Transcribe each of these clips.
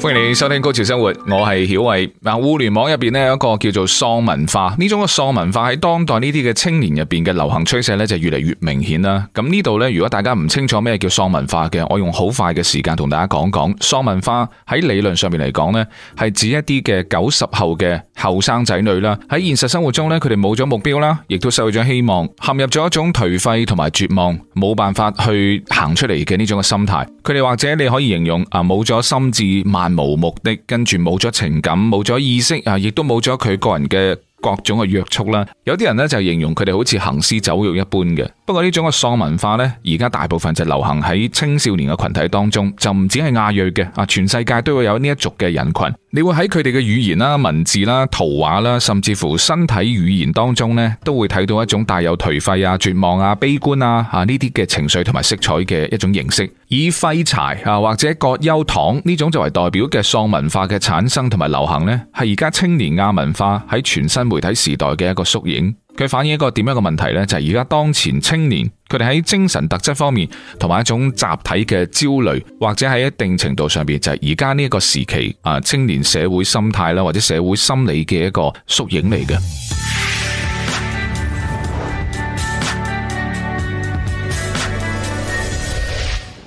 歡迎你收聽《高潮生活》，我係曉偉。嗱，互聯網入邊呢，有一個叫做喪文化，呢種嘅喪文化喺當代呢啲嘅青年入邊嘅流行趨勢咧就越嚟越明顯啦。咁呢度呢，如果大家唔清楚咩叫喪文化嘅，我用好快嘅時間同大家講講喪文化喺理論上面嚟講呢，係指一啲嘅九十後嘅後生仔女啦。喺現實生活中呢，佢哋冇咗目標啦，亦都受咗希望，陷入咗一種頹廢同埋絕望，冇辦法去行出嚟嘅呢種嘅心態。佢哋或者你可以形容啊，冇咗心智。慢。冇目的，跟住冇咗情感，冇咗意識啊，亦都冇咗佢個人嘅各種嘅約束啦。有啲人呢就形容佢哋好似行屍走肉一般嘅。不過呢種嘅喪文化呢，而家大部分就流行喺青少年嘅群體當中，就唔止係亞裔嘅啊，全世界都會有呢一族嘅人群。你會喺佢哋嘅語言啦、文字啦、圖畫啦，甚至乎身體語言當中呢，都會睇到一種帶有頹廢啊、絕望啊、悲觀啊啊呢啲嘅情緒同埋色彩嘅一種形式。以廢柴啊或者葛優躺呢種作為代表嘅喪文化嘅產生同埋流行呢，係而家青年亞文化喺全新媒體時代嘅一個縮影。佢反映一個點樣嘅問題呢？就係而家當前青年佢哋喺精神特質方面，同埋一種集體嘅焦慮，或者喺一定程度上邊，就係而家呢一個時期啊青年社會心態啦，或者社會心理嘅一個縮影嚟嘅。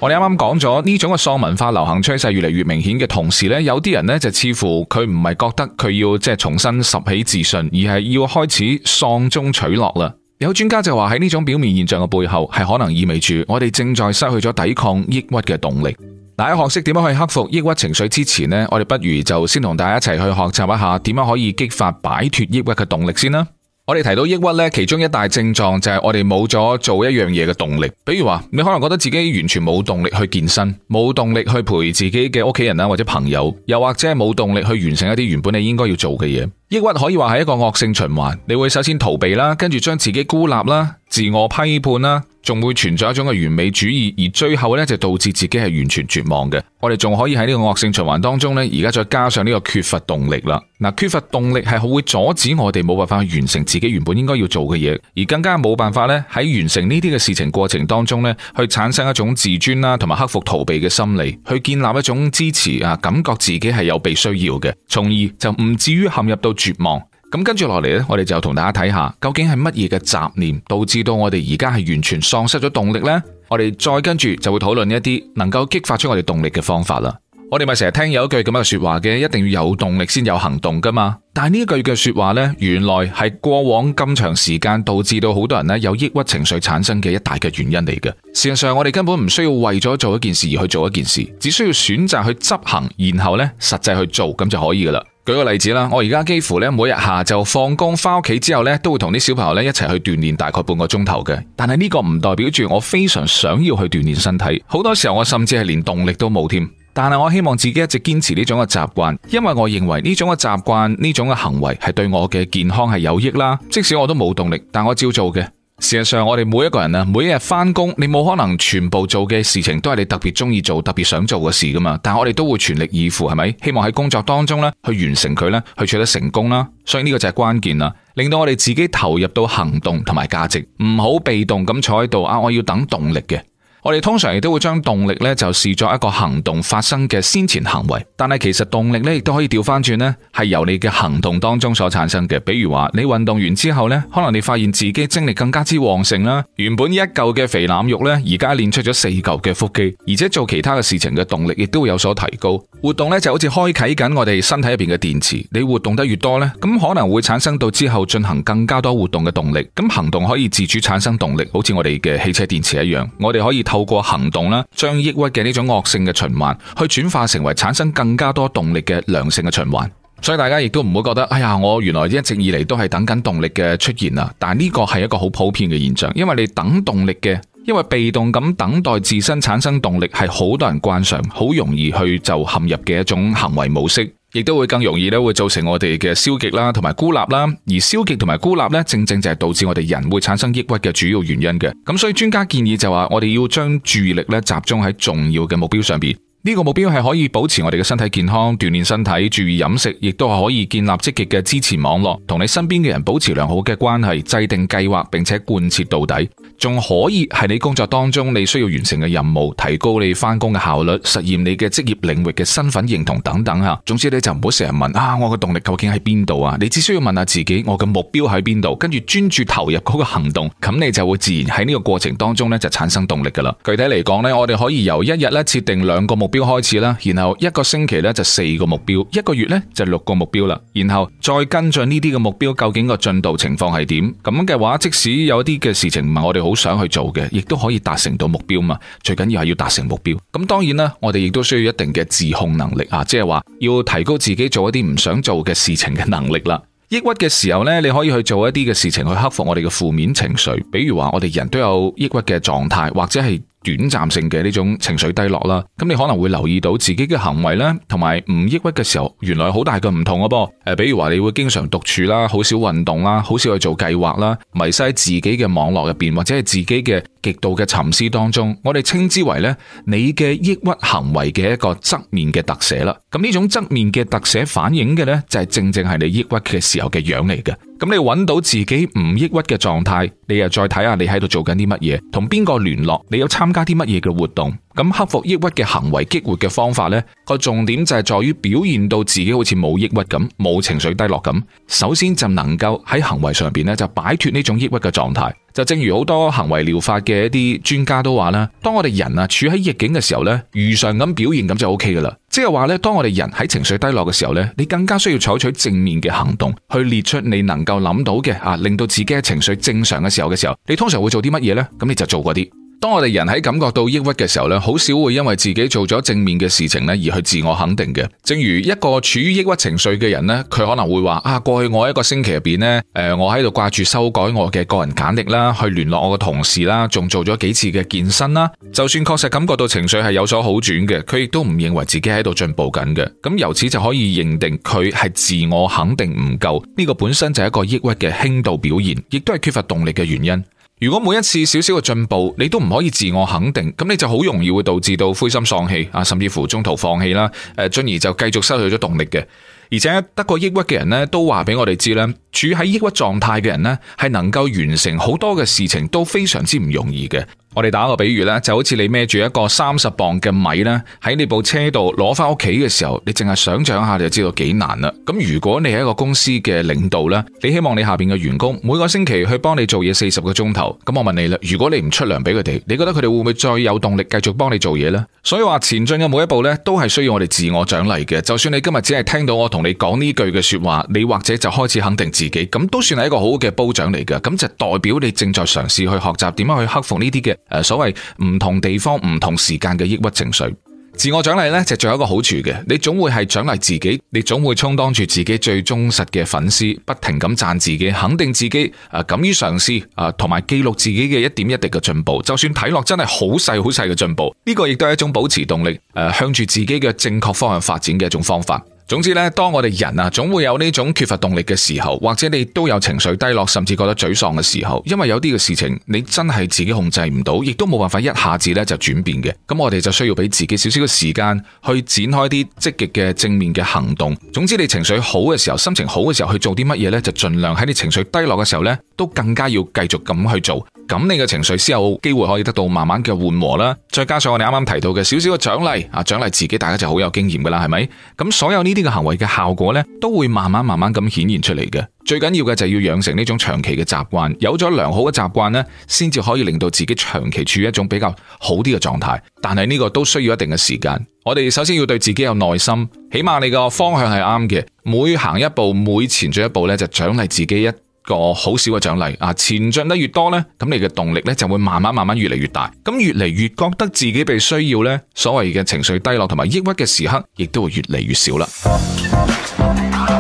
我哋啱啱講咗呢種嘅喪文化，流行趨勢越嚟越明顯嘅同時呢，有啲人呢就似乎佢唔係覺得佢要即係重新拾起自信，而係要開始喪中取樂啦。有專家就話，喺呢種表面現象嘅背後，係可能意味住我哋正在失去咗抵抗抑鬱嘅動力。大家學識點樣去克服抑鬱情緒之前呢，我哋不如就先同大家一齊去學習一下點樣可以激發擺脫抑鬱嘅動力先啦。我哋提到抑鬱呢，其中一大症狀就係我哋冇咗做一樣嘢嘅動力。比如話，你可能覺得自己完全冇動力去健身，冇動力去陪自己嘅屋企人啦，或者朋友，又或者係冇動力去完成一啲原本你應該要做嘅嘢。抑鬱可以話係一個惡性循環，你會首先逃避啦，跟住將自己孤立啦，自我批判啦。仲會存在一種嘅完美主義，而最後呢，就導致自己係完全絕望嘅。我哋仲可以喺呢個惡性循環當中呢，而家再加上呢個缺乏動力啦。嗱，缺乏動力係好會阻止我哋冇辦法去完成自己原本應該要做嘅嘢，而更加冇辦法呢，喺完成呢啲嘅事情過程當中呢，去產生一種自尊啦，同埋克服逃避嘅心理，去建立一種支持啊，感覺自己係有被需要嘅，從而就唔至於陷入到絕望。咁跟住落嚟咧，我哋就同大家睇下，究竟係乜嘢嘅雜念導致到我哋而家係完全喪失咗動力呢。我哋再跟住就會討論一啲能夠激發出我哋動力嘅方法啦。我哋咪成日聽有一句咁樣嘅說話嘅，一定要有動力先有行動噶嘛。但係呢一句嘅說話呢，原來係過往咁長時間導致到好多人呢有抑鬱情緒產生嘅一大嘅原因嚟嘅。事實上，我哋根本唔需要為咗做一件事而去做一件事，只需要選擇去執行，然後呢實際去做咁就可以噶啦。舉個例子啦，我而家幾乎呢，每日下晝放工翻屋企之後呢，都會同啲小朋友呢一齊去鍛煉大概半個鐘頭嘅。但係呢個唔代表住我非常想要去鍛煉身體，好多時候我甚至係連動力都冇添。但係我希望自己一直堅持呢種嘅習慣，因為我認為呢種嘅習慣呢種嘅行為係對我嘅健康係有益啦。即使我都冇動力，但我照做嘅。事實上，我哋每一個人啊，每一日返工，你冇可能全部做嘅事情都係你特別鍾意做、特別想做嘅事㗎嘛。但係我哋都會全力以赴，係咪？希望喺工作當中咧，去完成佢咧，去取得成功啦。所以呢個就係關鍵啦，令到我哋自己投入到行動同埋價值，唔好被動咁坐喺度啊！我要等動力嘅。我哋通常亦都會將動力咧就視作一個行動發生嘅先前行為，但係其實動力咧亦都可以調翻轉呢，係由你嘅行動當中所產生嘅。比如話你運動完之後呢，可能你發現自己精力更加之旺盛啦，原本一嚿嘅肥腩肉呢，而家練出咗四嚿嘅腹肌，而且做其他嘅事情嘅動力亦都會有所提高。活動呢，就好似開啟緊我哋身體入邊嘅電池，你活動得越多呢，咁可能會產生到之後進行更加多活動嘅動力。咁行動可以自主產生動力，好似我哋嘅汽車電池一樣，我哋可以。透過行動啦，將抑鬱嘅呢種惡性嘅循環，去轉化成為產生更加多動力嘅良性嘅循環。所以大家亦都唔會覺得，哎呀，我原來一直以嚟都係等緊動力嘅出現啊！但係呢個係一個好普遍嘅現象，因為你等動力嘅，因為被動咁等待自身產生動力，係好多人慣常、好容易去就陷入嘅一種行為模式。亦都會更容易咧，會造成我哋嘅消極啦，同埋孤立啦。而消極同埋孤立咧，正正就係導致我哋人會產生抑鬱嘅主要原因嘅。咁所以專家建議就話，我哋要將注意力咧集中喺重要嘅目標上邊。呢個目標係可以保持我哋嘅身體健康，鍛煉身體，注意飲食，亦都可以建立積極嘅支持網絡，同你身邊嘅人保持良好嘅關係，制定計劃並且貫徹到底。仲可以係你工作當中你需要完成嘅任務，提高你翻工嘅效率，實現你嘅職業領域嘅身份認同等等吓。總之你就唔好成日問啊，我嘅動力究竟喺邊度啊？你只需要問下自己，我嘅目標喺邊度，跟住專注投入嗰個行動，咁你就會自然喺呢個過程當中咧就產生動力噶啦。具體嚟講咧，我哋可以由一日咧設定兩個目標開始啦，然後一個星期咧就四個目標，一個月咧就六個目標啦，然後再跟進呢啲嘅目標究竟個進度情況係點。咁嘅話，即使有啲嘅事情唔係我哋好。想去做嘅，亦都可以達成到目標嘛。最緊要係要達成目標。咁當然啦，我哋亦都需要一定嘅自控能力啊，即係話要提高自己做一啲唔想做嘅事情嘅能力啦。抑鬱嘅時候咧，你可以去做一啲嘅事情去克服我哋嘅負面情緒。比如話，我哋人都有抑鬱嘅狀態，或者係，短暫性嘅呢種情緒低落啦，咁你可能會留意到自己嘅行為呢，同埋唔抑鬱嘅時候，原來好大嘅唔同嘅噃。誒，比如話你會經常獨處啦，好少運動啦，好少去做計劃啦，迷失喺自己嘅網絡入邊或者係自己嘅極度嘅沉思當中，我哋稱之為呢，你嘅抑鬱行為嘅一個側面嘅特寫啦，咁呢種側面嘅特寫反映嘅呢，就係正正係你抑鬱嘅時候嘅樣嚟嘅。咁你揾到自己唔抑鬱嘅狀態，你又再睇下你喺度做緊啲乜嘢，同邊個聯絡，你有參加啲乜嘢嘅活動。咁克服抑鬱嘅行為激活嘅方法呢，個重點就係在於表現到自己好似冇抑鬱咁，冇情緒低落咁。首先就能夠喺行為上邊呢，就擺脫呢種抑鬱嘅狀態。就正如好多行為療法嘅一啲專家都話啦，當我哋人啊處喺逆境嘅時候呢，如常咁表現咁就 OK 噶啦。即係話咧，當我哋人喺情緒低落嘅時候咧，你更加需要採取正面嘅行動，去列出你能夠諗到嘅啊，令到自己嘅情緒正常嘅時候嘅時候，你通常會做啲乜嘢呢？咁你就做嗰啲。當我哋人喺感覺到抑鬱嘅時候咧，好少會因為自己做咗正面嘅事情咧而去自我肯定嘅。正如一個處於抑鬱情緒嘅人咧，佢可能會話：啊，過去我一個星期入邊咧，誒、呃，我喺度掛住修改我嘅個人簡歷啦，去聯絡我嘅同事啦，仲做咗幾次嘅健身啦。就算確實感覺到情緒係有所好轉嘅，佢亦都唔認為自己喺度進步緊嘅。咁由此就可以認定佢係自我肯定唔夠，呢、這個本身就係一個抑鬱嘅輕度表現，亦都係缺乏動力嘅原因。如果每一次少少嘅進步，你都唔可以自我肯定，咁你就好容易會導致到灰心喪氣啊，甚至乎中途放棄啦。誒，進而就繼續失去咗動力嘅，而且得過抑鬱嘅人呢，都話俾我哋知咧，處喺抑鬱狀態嘅人呢，係能夠完成好多嘅事情都非常之唔容易嘅。我哋打個比喻啦，就好似你孭住一個三十磅嘅米呢，喺你部車度攞翻屋企嘅時候，你淨係想象一下就知道幾難啦。咁如果你係一個公司嘅領導呢，你希望你下邊嘅員工每個星期去幫你做嘢四十個鐘頭，咁我問你啦，如果你唔出糧俾佢哋，你覺得佢哋會唔會再有動力繼續幫你做嘢呢？所以話前進嘅每一步呢，都係需要我哋自我獎勵嘅。就算你今日只係聽到我同你講呢句嘅說話，你或者就開始肯定自己，咁都算係一個好好嘅褒獎嚟嘅。咁就代表你正在嘗試去學習點樣去克服呢啲嘅。誒，所謂唔同地方、唔同時間嘅抑鬱情緒，自我獎勵呢，就仲有一個好處嘅，你總會係獎勵自己，你總會充當住自己最忠實嘅粉絲，不停咁讚自己，肯定自己，誒敢於嘗試，誒同埋記錄自己嘅一點一滴嘅進步，就算睇落真係好細好細嘅進步，呢個亦都係一種保持動力，誒向住自己嘅正確方向發展嘅一種方法。總之呢，當我哋人啊，總會有呢種缺乏動力嘅時候，或者你都有情緒低落，甚至覺得沮喪嘅時候，因為有啲嘅事情你真係自己控制唔到，亦都冇辦法一下子咧就轉變嘅。咁我哋就需要俾自己少少嘅時間去展開啲積極嘅正面嘅行動。總之你情緒好嘅時候，心情好嘅時候去做啲乜嘢呢？就盡量喺你情緒低落嘅時候呢，都更加要繼續咁去做。咁你嘅情緒先有機會可以得到慢慢嘅緩和啦，再加上我哋啱啱提到嘅少少嘅獎勵啊，獎勵自己，大家就好有經驗噶啦，係咪？咁所有呢啲嘅行為嘅效果咧，都會慢慢慢慢咁顯現出嚟嘅。最緊要嘅就係要養成呢種長期嘅習慣，有咗良好嘅習慣咧，先至可以令到自己長期處於一種比較好啲嘅狀態。但係呢個都需要一定嘅時間。我哋首先要對自己有耐心，起碼你個方向係啱嘅，每行一步，每前進一步咧，就獎勵自己一。個好少嘅獎勵啊，前進得越多咧，咁你嘅動力咧就會慢慢慢慢越嚟越大，咁越嚟越覺得自己被需要呢，所謂嘅情緒低落同埋抑鬱嘅時刻，亦都會越嚟越少啦。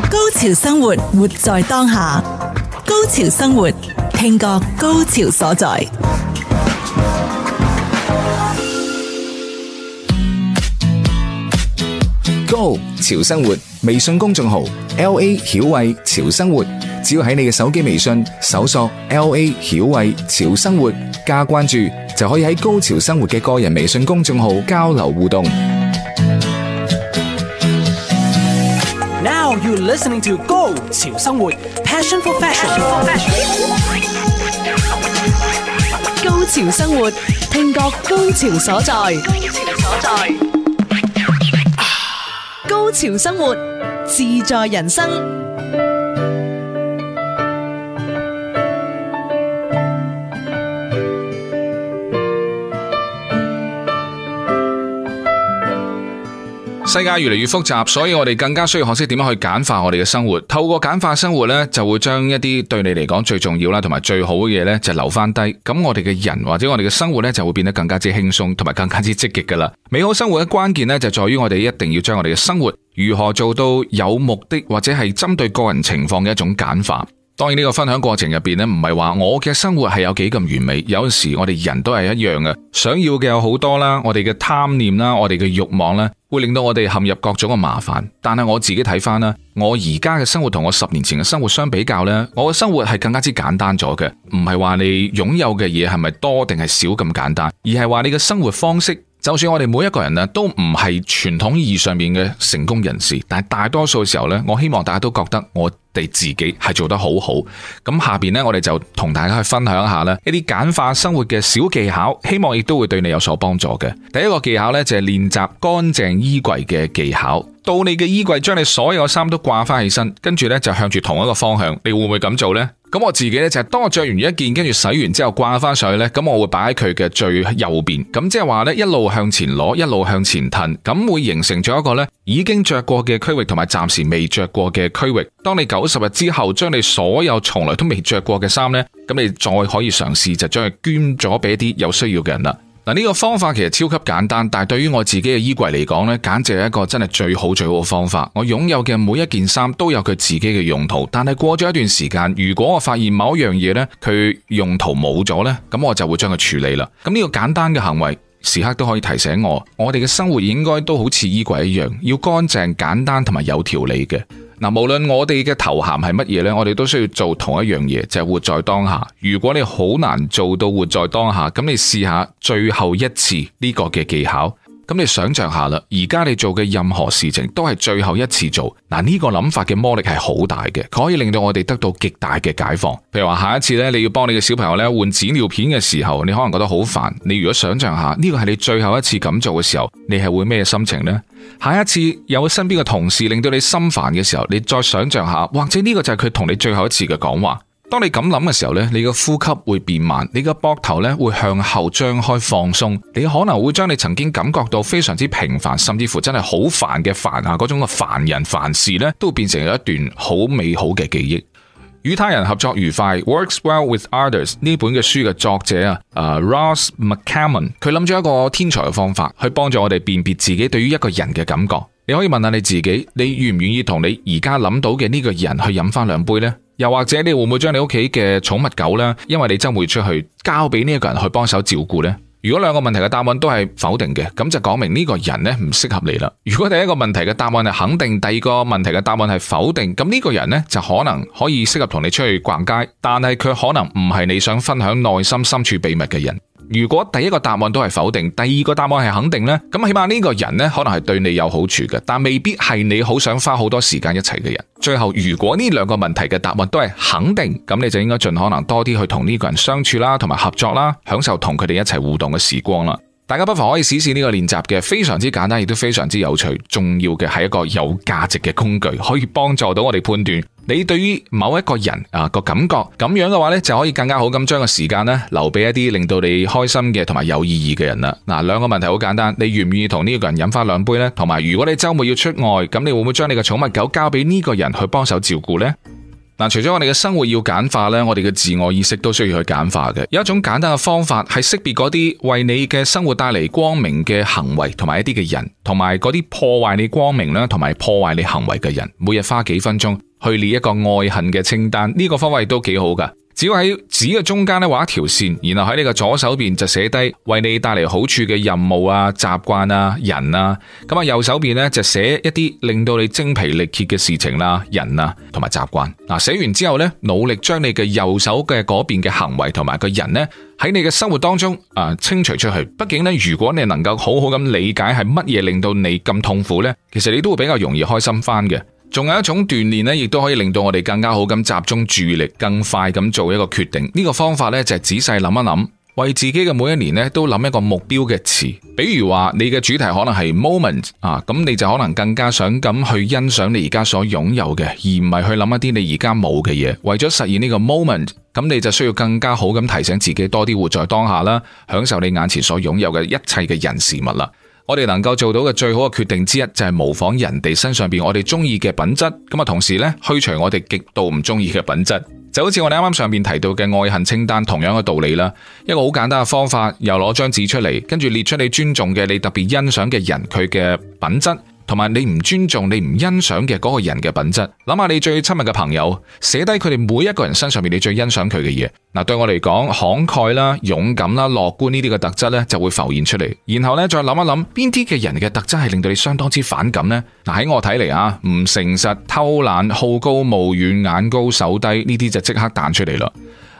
高潮生活，活在當下。高潮生活，聽覺高潮所在。高潮生活微信公眾號 L A 曉慧潮生活，只要喺你嘅手機微信搜索 L A 曉慧潮生活加關注，就可以喺高潮生活嘅個人微信公眾號交流互動。Now you listening to 高潮生活 Passion for Fashion。高潮生活，聽覺高潮所在，高潮所在。高潮生活，自在人生。世界越嚟越複雜，所以我哋更加需要學識點樣去簡化我哋嘅生活。透過簡化生活呢，就會將一啲對你嚟講最重要啦，同埋最好嘅嘢，呢，就留翻低。咁我哋嘅人或者我哋嘅生活呢，就會變得更加之輕鬆，同埋更加之積極噶啦。美好生活嘅關鍵呢，就在於我哋一定要將我哋嘅生活如何做到有目的，或者係針對個人情況嘅一種簡化。當然呢個分享過程入面呢，唔係話我嘅生活係有幾咁完美，有陣時我哋人都係一樣嘅，想要嘅有好多啦，我哋嘅貪念啦，我哋嘅欲望啦，會令到我哋陷入各種嘅麻煩。但係我自己睇返啦，我而家嘅生活同我十年前嘅生活相比較呢，我嘅生活係更加之簡單咗嘅。唔係話你擁有嘅嘢係咪多定係少咁簡單，而係話你嘅生活方式。就算我哋每一個人咧，都唔係傳統意義上面嘅成功人士，但係大多數嘅時候咧，我希望大家都覺得我哋自己係做得好好。咁下邊呢，我哋就同大家去分享一下呢一啲簡化生活嘅小技巧，希望亦都會對你有所幫助嘅。第一個技巧呢，就係練習乾淨衣櫃嘅技巧。到你嘅衣櫃，將你所有嘅衫都掛翻起身，跟住呢就向住同一個方向，你會唔會咁做呢？咁我自己呢，就係當我着完一件，跟住洗完之後掛翻上去呢。咁我會擺喺佢嘅最右邊。咁即係話呢，一路向前攞，一路向前褪，咁會形成咗一個呢已經着過嘅區域，同埋暫時未着過嘅區域。當你九十日之後，將你所有從來都未着過嘅衫呢，咁你再可以嘗試就將佢捐咗俾啲有需要嘅人啦。嗱，呢個方法其實超級簡單，但係對於我自己嘅衣櫃嚟講呢，簡直係一個真係最好最好嘅方法。我擁有嘅每一件衫都有佢自己嘅用途，但係過咗一段時間，如果我發現某一樣嘢呢，佢用途冇咗呢，咁我就會將佢處理啦。咁呢個簡單嘅行為，時刻都可以提醒我，我哋嘅生活應該都好似衣櫃一樣，要乾淨、簡單同埋有條理嘅。嗱，無論我哋嘅頭銜係乜嘢咧，我哋都需要做同一樣嘢，就係活在當下。如果你好難做到活在當下，咁你試下最後一次呢個嘅技巧。咁你想象下啦，而家你做嘅任何事情都係最後一次做，嗱，呢個諗法嘅魔力係好大嘅，可以令到我哋得到極大嘅解放。譬如話下一次咧，你要幫你嘅小朋友咧換紙尿片嘅時候，你可能覺得好煩。你如果想象下呢個係你最後一次咁做嘅時候，你係會咩心情呢？下一次有身邊嘅同事令到你心煩嘅時候，你再想象下，或者呢個就係佢同你最後一次嘅講話。當你咁諗嘅時候呢，你個呼吸會變慢，你個膊頭咧會向後張開放鬆，你可能會將你曾經感覺到非常之平凡，甚至乎真係好煩嘅煩啊嗰種嘅煩人煩事呢，都變成一段好美好嘅記憶。與他人合作愉快，Works well with others。呢本嘅書嘅作者啊，uh，Ross McCammon，佢諗咗一個天才嘅方法去幫助我哋辨別自己對於一個人嘅感覺。你可以問下你自己，你願唔願意同你而家諗到嘅呢個人去飲翻兩杯呢？又或者你會唔會將你屋企嘅寵物狗呢？因為你周末出去，交俾呢一個人去幫手照顧呢。如果兩個問題嘅答案都係否定嘅，咁就講明呢個人呢唔適合你啦。如果第一個問題嘅答案係肯定，第二個問題嘅答案係否定，咁呢個人呢就可能可以適合同你出去逛街，但係佢可能唔係你想分享內心深處秘密嘅人。如果第一個答案都係否定，第二個答案係肯定呢，咁起碼呢個人呢，可能係對你有好處嘅，但未必係你好想花好多時間一齊嘅人。最後，如果呢兩個問題嘅答案都係肯定，咁你就應該盡可能多啲去同呢個人相處啦，同埋合作啦，享受同佢哋一齊互動嘅時光啦。大家不妨可以試試呢個練習嘅，非常之簡單，亦都非常之有趣。重要嘅係一個有價值嘅工具，可以幫助到我哋判斷你對於某一個人啊個感覺。咁樣嘅話呢，就可以更加好咁將個時間呢，留俾一啲令到你開心嘅同埋有意義嘅人啦。嗱、啊，兩個問題好簡單，你願唔願意同呢個人飲翻兩杯呢？同埋，如果你周末要出外，咁你會唔會將你嘅寵物狗交俾呢個人去幫手照顧呢？除咗我哋嘅生活要簡化咧，我哋嘅自我意識都需要去簡化嘅。有一種簡單嘅方法，係識別嗰啲為你嘅生活帶嚟光明嘅行為，同埋一啲嘅人，同埋嗰啲破壞你光明啦，同埋破壞你行為嘅人。每日花幾分鐘去列一個愛恨嘅清單，呢、這個方法都幾好噶。只要喺紙嘅中間呢畫一條線，然後喺你嘅左手邊就寫低為你帶嚟好處嘅任務啊、習慣啊、人啊，咁啊右手邊呢，就寫一啲令到你精疲力竭嘅事情啦、啊、人啊同埋習慣。嗱，寫完之後呢，努力將你嘅右手嘅嗰邊嘅行為同埋個人呢，喺你嘅生活當中啊清除出去。畢竟呢，如果你能夠好好咁理解係乜嘢令到你咁痛苦呢，其實你都會比較容易開心翻嘅。仲有一種鍛煉咧，亦都可以令到我哋更加好咁集中注意力，更快咁做一個決定。呢個方法咧就係仔細諗一諗，為自己嘅每一年咧都諗一個目標嘅詞。比如話你嘅主題可能係 moment 啊，咁你就可能更加想咁去欣賞你而家所擁有嘅，而唔係去諗一啲你而家冇嘅嘢。為咗實現呢個 moment，咁你就需要更加好咁提醒自己多啲活在當下啦，享受你眼前所擁有嘅一切嘅人事物啦。我哋能夠做到嘅最好嘅決定之一，就係模仿人哋身上邊我哋中意嘅品質，咁啊同時咧，去除我哋極度唔中意嘅品質。就好似我哋啱啱上邊提到嘅愛恨清單同樣嘅道理啦。一個好簡單嘅方法，又攞張紙出嚟，跟住列出你尊重嘅、你特別欣賞嘅人佢嘅品質。同埋你唔尊重、你唔欣賞嘅嗰個人嘅品質，諗下你最親密嘅朋友，寫低佢哋每一個人身上面你最欣賞佢嘅嘢。嗱，對我嚟講，慷慨啦、勇敢啦、樂觀呢啲嘅特質呢就會浮現出嚟。然後呢，再諗一諗邊啲嘅人嘅特質係令到你相當之反感呢？嗱，喺我睇嚟啊，唔誠實、偷懶、好高騖遠、眼高手低呢啲就即刻彈出嚟啦。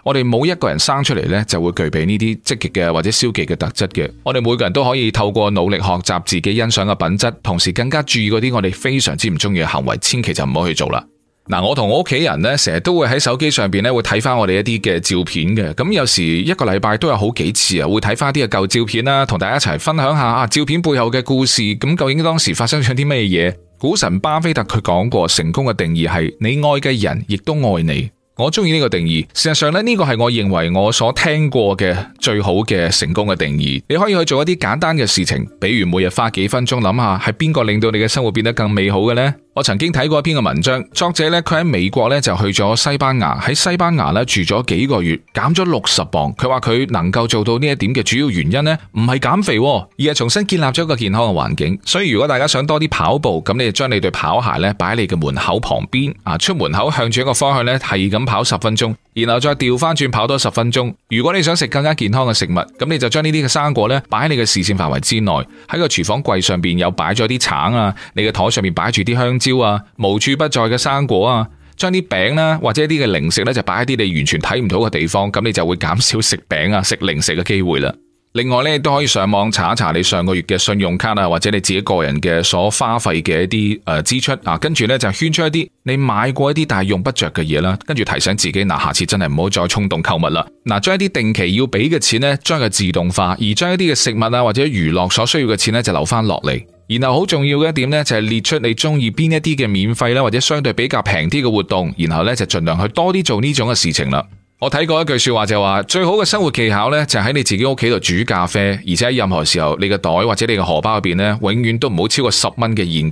我哋冇一個人生出嚟呢，就會具備呢啲積極嘅或者消極嘅特質嘅。我哋每個人都可以透過努力學習自己欣賞嘅品質，同時更加注意嗰啲我哋非常之唔中意嘅行為，千祈就唔好去做啦。嗱，我同我屋企人呢，成日都會喺手機上邊呢，會睇翻我哋一啲嘅照片嘅。咁有時一個禮拜都有好幾次啊，會睇翻啲嘅舊照片啦，同大家一齊分享下啊，照片背後嘅故事，咁究竟當時發生咗啲咩嘢？股神巴菲特佢講過，成功嘅定義係你愛嘅人亦都愛你。我中意呢個定義，事實上咧，呢個係我認為我所聽過嘅最好嘅成功嘅定義。你可以去做一啲簡單嘅事情，比如每日花幾分鐘諗下係邊個令到你嘅生活變得更美好嘅呢？我曾經睇過一篇嘅文章，作者咧佢喺美國咧就去咗西班牙，喺西班牙咧住咗幾個月，減咗六十磅。佢話佢能夠做到呢一點嘅主要原因咧，唔係減肥，而係重新建立咗一個健康嘅環境。所以如果大家想多啲跑步，咁你就將你對跑鞋咧擺喺你嘅門口旁邊，啊出門口向住一個方向咧係咁跑十分鐘。然後再掉返轉跑多十分鐘。如果你想食更加健康嘅食物，咁你就將呢啲嘅生果呢擺喺你嘅視線範圍之內，喺個廚房櫃上邊有擺咗啲橙啊，你嘅台上面擺住啲香蕉啊，無處不在嘅生果啊，將啲餅咧或者一啲嘅零食呢就擺喺啲你完全睇唔到嘅地方，咁你就會減少食餅啊食零食嘅機會啦。另外咧，都可以上網查一查你上個月嘅信用卡啊，或者你自己個人嘅所花費嘅一啲誒、呃、支出啊，跟住咧就圈出一啲你買過一啲但係用不着嘅嘢啦，跟住提醒自己嗱、啊，下次真係唔好再衝動購物啦。嗱、啊，將一啲定期要俾嘅錢咧，將佢自動化，而將一啲嘅食物啊或者娛樂所需要嘅錢咧，就留翻落嚟。然後好重要嘅一點咧，就係、是、列出你中意邊一啲嘅免費咧或者相對比較平啲嘅活動，然後咧就盡量去多啲做呢種嘅事情啦。我睇過一句說話就話、係，最好嘅生活技巧呢，就喺你自己屋企度煮咖啡，而且喺任何時候你嘅袋或者你嘅荷包入邊呢，永遠都唔好超過十蚊嘅現金。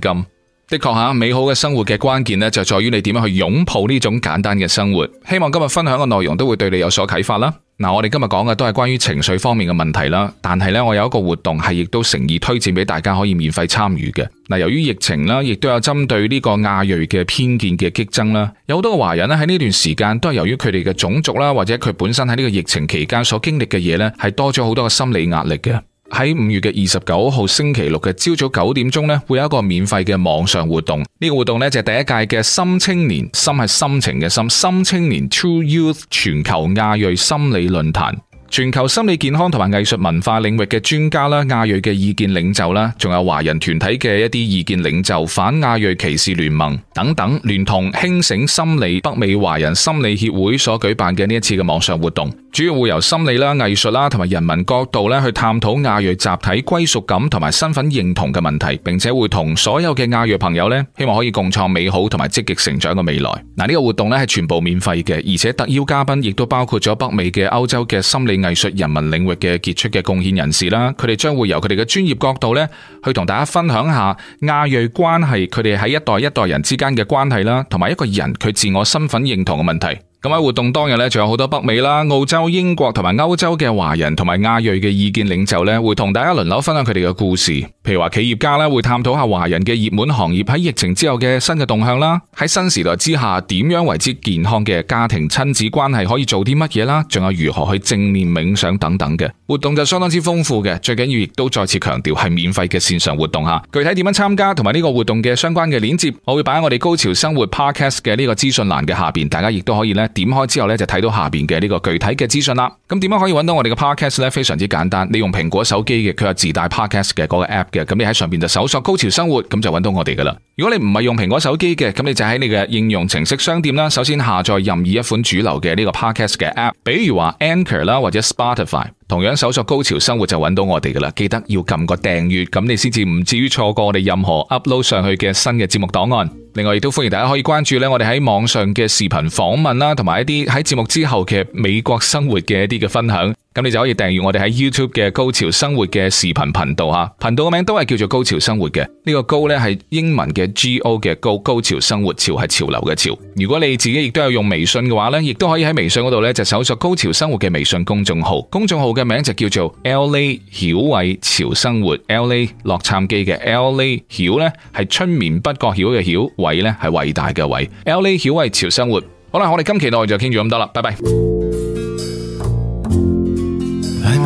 的確吓，美好嘅生活嘅關鍵呢，就在於你點樣去擁抱呢種簡單嘅生活。希望今日分享嘅內容都會對你有所啟發啦。嗱，我哋今日講嘅都係關於情緒方面嘅問題啦，但係咧，我有一個活動係亦都誠意推薦俾大家可以免費參與嘅。嗱，由於疫情啦，亦都有針對呢個亞裔嘅偏見嘅激增啦，有好多嘅華人咧喺呢段時間都係由於佢哋嘅種族啦，或者佢本身喺呢個疫情期間所經歷嘅嘢咧，係多咗好多嘅心理壓力嘅。喺五月嘅二十九號星期六嘅朝早九點鐘呢，會有一個免費嘅網上活動。呢個活動呢，就係第一屆嘅心青年，心係心情嘅心，心青年 True Youth 全球亞裔心理論壇。全球心理健康同埋藝術文化領域嘅專家啦，亞裔嘅意見領袖啦，仲有華人團體嘅一啲意見領袖，反亞裔歧視聯盟等等，聯同興醒心理北美華人心理協會所舉辦嘅呢一次嘅網上活動，主要會由心理啦、藝術啦同埋人文角度咧去探討亞裔集體歸屬感同埋身份認同嘅問題，並且會同所有嘅亞裔朋友咧，希望可以共創美好同埋積極成長嘅未來。嗱，呢個活動咧係全部免費嘅，而且特邀嘉賓亦都包括咗北美嘅、歐洲嘅心理。藝術人民領域嘅傑出嘅貢獻人士啦，佢哋將會由佢哋嘅專業角度呢，去同大家分享下亞裔關係，佢哋喺一代一代人之間嘅關係啦，同埋一個人佢自我身份認同嘅問題。咁喺活動當日呢，仲有好多北美啦、澳洲、英國同埋歐洲嘅華人同埋亞裔嘅意見領袖呢，會同大家輪流分享佢哋嘅故事。譬如話企業家呢，會探討下華人嘅熱門行業喺疫情之後嘅新嘅動向啦；喺新時代之下，點樣為之健康嘅家庭親子關係，可以做啲乜嘢啦？仲有如何去正念冥想等等嘅。活動就相當之豐富嘅，最緊要亦都再次強調係免費嘅線上活動吓。具體點樣參加同埋呢個活動嘅相關嘅鏈接，我會擺喺我哋高潮生活 Podcast 嘅呢個資訊欄嘅下邊，大家亦都可以咧點開之後咧就睇到下邊嘅呢個具體嘅資訊啦。咁點樣可以揾到我哋嘅 podcast 咧？非常之簡單，你用蘋果手機嘅，佢有自帶 podcast 嘅嗰個 app 嘅，咁你喺上邊就搜索《高潮生活》，咁就揾到我哋噶啦。如果你唔係用蘋果手機嘅，咁你就喺你嘅應用程式商店啦，首先下載任意一款主流嘅呢個 podcast 嘅 app，比如話 Anchor 啦，或者 Spotify，同樣搜索《高潮生活》就揾到我哋噶啦。記得要撳個訂閱，咁你先至唔至於錯過我哋任何 upload 上去嘅新嘅節目檔案。另外亦都歡迎大家可以關注呢我哋喺網上嘅視頻訪問啦，同埋一啲喺節目之後嘅美國生活嘅一啲。嘅分享，咁你就可以訂閱我哋喺 YouTube 嘅高潮生活嘅視頻頻道吓，頻道嘅名都係叫做高潮生活嘅。呢個高呢係英文嘅 G O 嘅高，高潮生活潮係潮流嘅潮。如果你自己亦都有用微信嘅話呢，亦都可以喺微信嗰度呢就搜索高潮生活嘅微信公眾號，公眾號嘅名就叫做 LA 曉偉潮生活，LA 洛杉磯嘅 LA 曉呢係春眠不覺曉嘅曉，偉呢係偉大嘅偉，LA 曉偉潮生活。好啦，我哋今期內就傾住咁多啦，拜拜。